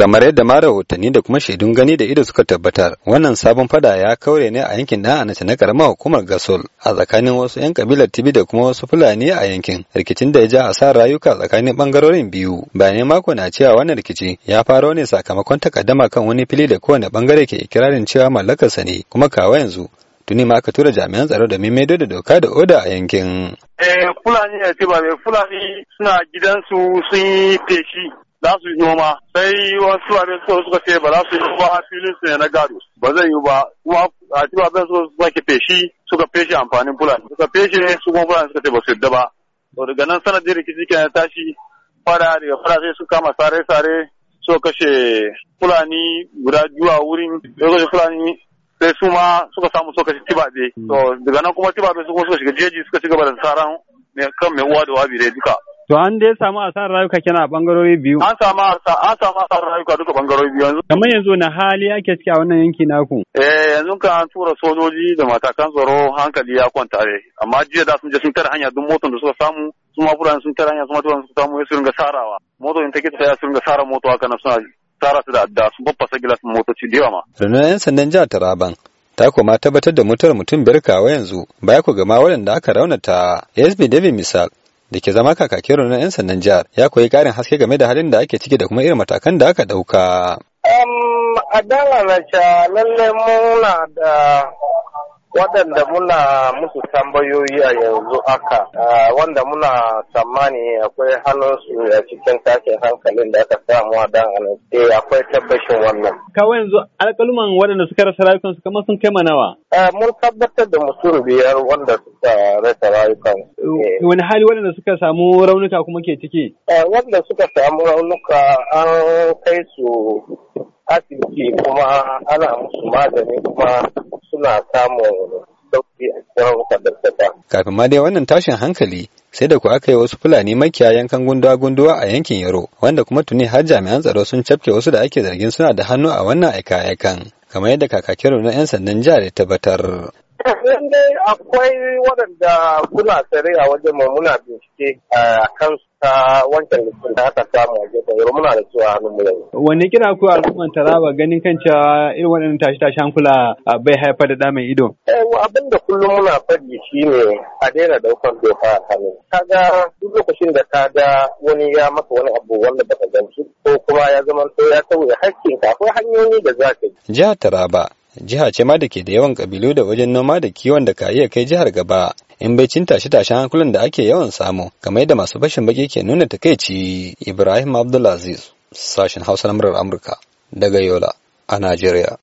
kamar yadda ma rahotanni da kuma shaidun gani da ido suka tabbatar wannan sabon fada ya kaure ne a yankin dan anace na karamar hukumar gasol a tsakanin wasu yan kabilar tibi da kuma wasu fulani a yankin rikicin da ya ja sa rayuka tsakanin bangarorin biyu bayanai mako na cewa wannan rikici ya faro ne sakamakon takaddama kan wani fili da kowane bangare ke ikirarin cewa mallakarsa ne kuma kawa yanzu tuni ma aka tura jami'an tsaro da maido da doka da oda a yankin. Eh Fulani ce eh, ba mai Fulani suna gidansu sun yi feshi za su yi noma sai wasu abin suka suka ce ba za su yi noma a filin su ne na gado ba zai yi ba kuma a ci abin su suka ke feshi suka feshi amfanin fulani suka feshi ne su kuma fulani suka ce ba su yadda ba to daga nan sanadin rikici kenan tashi fara daga fara sai su kama sare-sare so kashe fulani guda biyu a wurin lokacin fulani sai su ma suka samu so kashe tibabe to daga nan kuma tibabe su kuma suka shiga jeji suka ci gaba da saran kan mai uwa da wabi dai duka To an dai samu asarar rayuka kina a bangarori biyu. An samu an samu asarar rayuka duka bangarori biyu yanzu. Kamar yanzu na hali ake ciki a wannan yanki naku. Eh yanzu ka an tura sojoji da matakan tsaro hankali ya kwanta ne. Amma jiya da sun je sun tare hanya duk motar da suka samu su ma buran sun tare hanya su ma turan sun samu su ringa sarawa. Motar in take ya su ringa sara moto haka na suna sara su da adda sun babbasa gilasin motoci da yawa ma. Rundunar 'yan sandan jihar Taraban ta kuma tabbatar da mutuwar mutum biyar kawo yanzu baya ku gama waɗanda aka raunata. SB David misal da ke zama kakakin rundunar 'yan sandan jihar ya koyi karin haske game da halin da ake ciki da kuma irin matakan da aka ɗauka. a dangana lallai muna da waɗanda muna musu tambayoyi a yanzu haka wanda muna tsammani akwai hannunsu a cikin tashin hankalin da aka samu a dan eh akwai tabbashin wannan. Kawai yanzu alkaluman waɗanda suka rasa rayukansu kamar sun kai nawa? Mun tabbatar da mutum biyar wanda suka rasa rayukansu. Eh, wani hali waɗanda suka samu raunuka kuma ke ciki? Wanda suka samu raunuka an kai su asibiti kuma ana musu magani kuma suna samun sauki a cikin hukumar Kafin ma dai wannan tashin hankali sai da ku aka yi wasu Fulani makiya yankan gunduwa-gunduwa a yankin Yaro wanda kuma tuni har jami'an tsaro sun cafke wasu da ake zargin suna da hannu a wannan aika-aikan. kamar yadda kakakin na 'yan sandan jihar ya tabbatar in dai akwai waɗanda suna tsare a wajen mu muna bincike eh, a kan ta wancan listin da aka samu a gefen yau muna da cewa hannun mu Wani Wanne kira ku al'umman taraba ganin kan cewa irin waɗannan tashi tashi hankula ah, bai haifar da damar ido? Eh, abin da kullum muna shi shine a daina ɗaukar doka a hannu. ga duk lokacin da ka ga wani ya maka wani abu wanda baka gamsu ko kuma ya zama to ya sauya hakkin akwai hanyoyi da za ka yi. Jihar Taraba jiha ce ma da ke da yawan kabilu da wajen noma da kiwon da ka iya kai jihar gaba in bai cin tashe tashen hankulan da ake yawan samu kamar yadda masu fashin baki ke nuna takaici Ibrahim Abdulaziz sashen Hausa na murar Amurka daga Yola a Najeriya